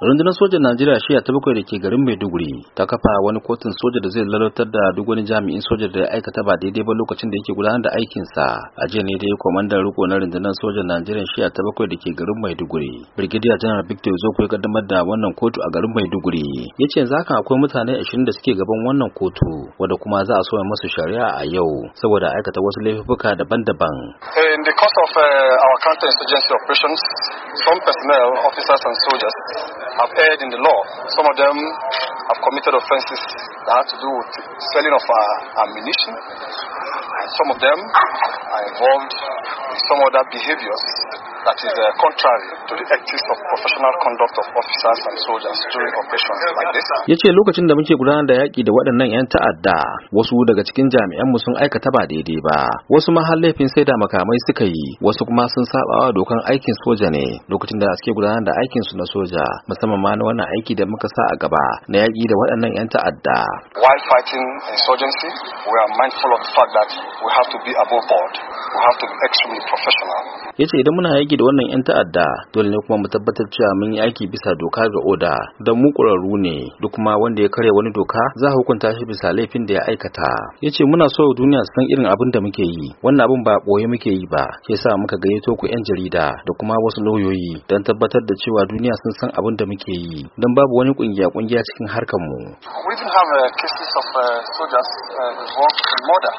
rundunar sojan najeriya shiya ta bakwai da ke garin maiduguri ta kafa wani kotun soja da zai lalatar da duk wani jami'in soja da ya aikata ba daidai ba lokacin da yake gudanar da aikinsa a jiya ne dai kwamandan riko na rundunar sojan najeriya shiya ta bakwai da ke garin maiduguri brigadier Janar victor zoko ya kaddamar da wannan kotu a garin maiduguri ya ce yanzu akwai mutane ashirin da suke gaban wannan kotu wadda kuma za a soya masu shari'a a yau saboda aikata wasu laifuka daban-daban. Eh, in the course of uh, our counter-insurgency operations some personnel officers and soldiers have erred in the law. Some of them have committed offenses that have to do with selling of uh, ammunition. some of them are involved in some other behaviors that is uh, contrary to the ethics of professional conduct of officers and soldiers during operations like this. Ya ce lokacin da muke gudanar da yaƙi da waɗannan 'yan ta'adda wasu daga cikin jami'anmu sun aikata ba daidai ba wasu ma har laifin sai da makamai suka yi wasu kuma sun sabawa dokan aikin soja ne lokacin da suke gudanar da aikin su na soja musamman ma na wannan aiki da muka sa a gaba na yaƙi da waɗannan 'yan ta'adda. While fighting insurgency, we are mindful of the fact that we have to be above board. ya ce idan muna yaki da wannan 'yan ta'adda dole ne kuma mu tabbatar cewa mun yi aiki bisa doka ga oda don mu ƙwararru ne duk kuma wanda ya karya wani doka za a hukunta shi bisa laifin da ya aikata ya ce muna so duniya su san irin abin da muke yi wannan abin ba ɓoye muke yi ba ke sa muka gayyato ku 'yan jarida da kuma wasu lauyoyi don tabbatar da cewa duniya sun san abin da muke yi don babu wani kungiya kungiya cikin harkar mu. We even have uh, cases of uh, soldiers uh, involved in murder.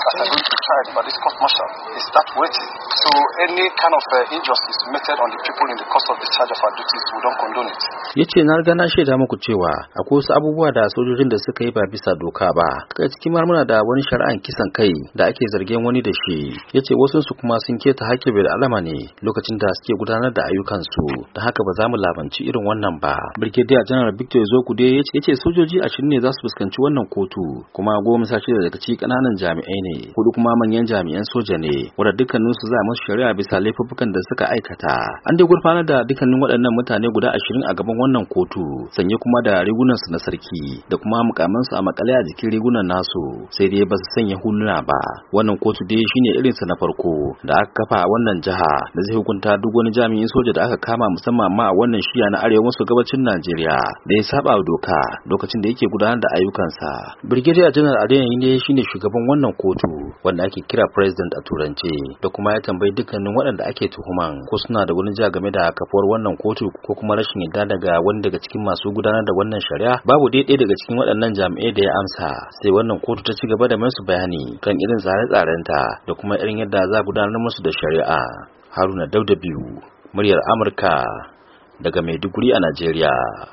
that are going to be tried by this court martial is that waiting. So any kind of uh, injustice meted on the people in the course of the charge of our duties, we don't condone it. Ya ce na riga na shaida muku cewa akwai wasu abubuwa da sojojin da suka yi ba bisa doka ba. Daga cikin har muna da wani shari'an kisan kai da ake zargin wani da shi. Ya ce wasu su kuma sun keta hakkin bil alama ne lokacin da suke gudanar da ayyukansu. Da haka ba za mu labanci irin wannan ba. Brigadier General Victor Zokude ya ce sojoji ashirin ne za su fuskanci wannan kotu kuma goma sha shida daga cikin kananan jami'ai ne. ne hudu kuma manyan jami'an soja ne wanda dukkanin su za a musu shari'a bisa laifuffukan da suka aikata an dai gurfanar da dukkanin waɗannan mutane guda ashirin a gaban wannan kotu sanye kuma da rigunan su na sarki da kuma mukaman su a makale a jikin rigunan nasu sai dai ba su sanya huluna ba wannan kotu dai shine irin sa na farko da aka kafa a wannan jiha da zai hukunta duk wani jami'in soja da aka kama musamman ma a wannan shiya na arewa maso gabacin Najeriya da ya saba doka lokacin da yake gudanar da ayyukansa Brigadier General Adeyemi ne shine shugaban wannan kotu Tinubu wanda ake kira president a turance da kuma ya tambayi dukkanin waɗanda ake tuhuman ko suna da wani ja game da kafuwar wannan kotu ko kuma rashin yadda daga wani daga cikin masu gudanar da wannan shari'a babu daidai daga cikin waɗannan jami'ai da ya amsa sai wannan kotu ta ci gaba da masu bayani kan irin tsare ta da kuma irin yadda za gudanar musu da shari'a haruna dauda biyu muryar amurka daga maiduguri a najeriya